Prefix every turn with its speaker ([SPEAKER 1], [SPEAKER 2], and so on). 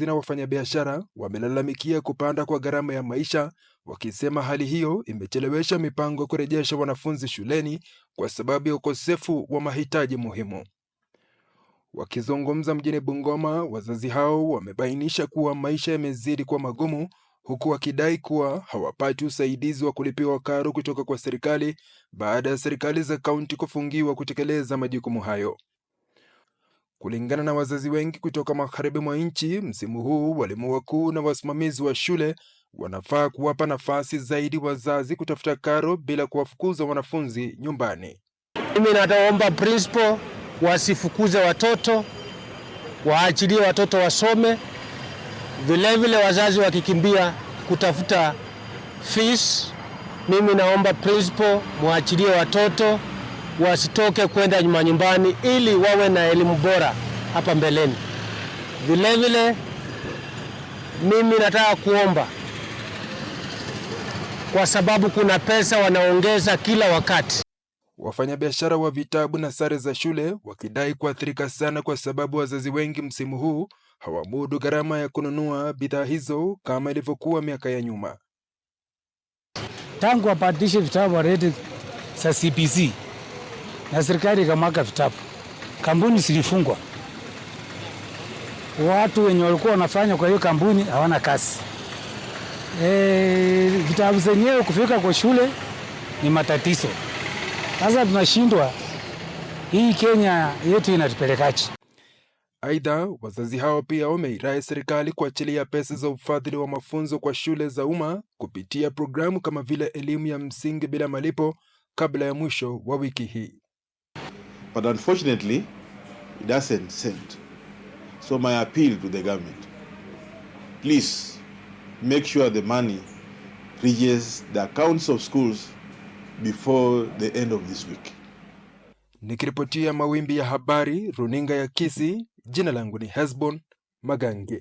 [SPEAKER 1] Wakazi na wafanyabiashara wamelalamikia kupanda kwa gharama ya maisha, wakisema hali hiyo imechelewesha mipango ya kurejesha wanafunzi shuleni kwa sababu ya ukosefu wa mahitaji muhimu. Wakizungumza mjini Bungoma, wazazi hao wamebainisha kuwa maisha yamezidi kuwa magumu, huku wakidai kuwa hawapati usaidizi wa kulipiwa karo kutoka kwa serikali baada ya serikali za kaunti kufungiwa kutekeleza majukumu hayo. Kulingana na wazazi wengi kutoka magharibi mwa nchi, msimu huu walimu wakuu na wasimamizi wa shule wanafaa kuwapa nafasi zaidi wazazi kutafuta karo bila kuwafukuza wanafunzi nyumbani.
[SPEAKER 2] Mimi nataomba principal wasifukuze watoto, waachilie watoto wasome. Vilevile vile wazazi wakikimbia kutafuta fees, mimi naomba principal mwachilie watoto wasitoke kwenda nyumbani ili wawe na elimu bora hapa mbeleni. Vilevile mimi nataka kuomba, kwa sababu kuna pesa wanaongeza kila wakati.
[SPEAKER 1] Wafanyabiashara wa vitabu na sare za shule wakidai kuathirika sana, kwa sababu wazazi wengi msimu huu hawamudu gharama ya kununua bidhaa hizo kama ilivyokuwa miaka ya nyuma.
[SPEAKER 3] Tangu wapandishe vitabu wa redi za CBC na serikali ikamwaga vitabu, kampuni zilifungwa, watu wenye walikuwa wanafanya kwa hiyo kampuni hawana kazi. E, vitabu zenyewe kufika kwa shule ni matatizo. Sasa tunashindwa hii Kenya yetu inatupelekaje?
[SPEAKER 1] Aidha, wazazi hao pia wameirai serikali kuachilia pesa za ufadhili wa mafunzo kwa shule za umma kupitia programu kama vile elimu ya msingi bila malipo kabla ya mwisho wa wiki hii.
[SPEAKER 4] But unfortunately, it doesn't send. So my appeal to the government, please make sure the money reaches the accounts of schools before the end of this week.
[SPEAKER 1] Nikiripotia mawimbi ya habari runinga ya kisi jina langu ni Hesbon Magange.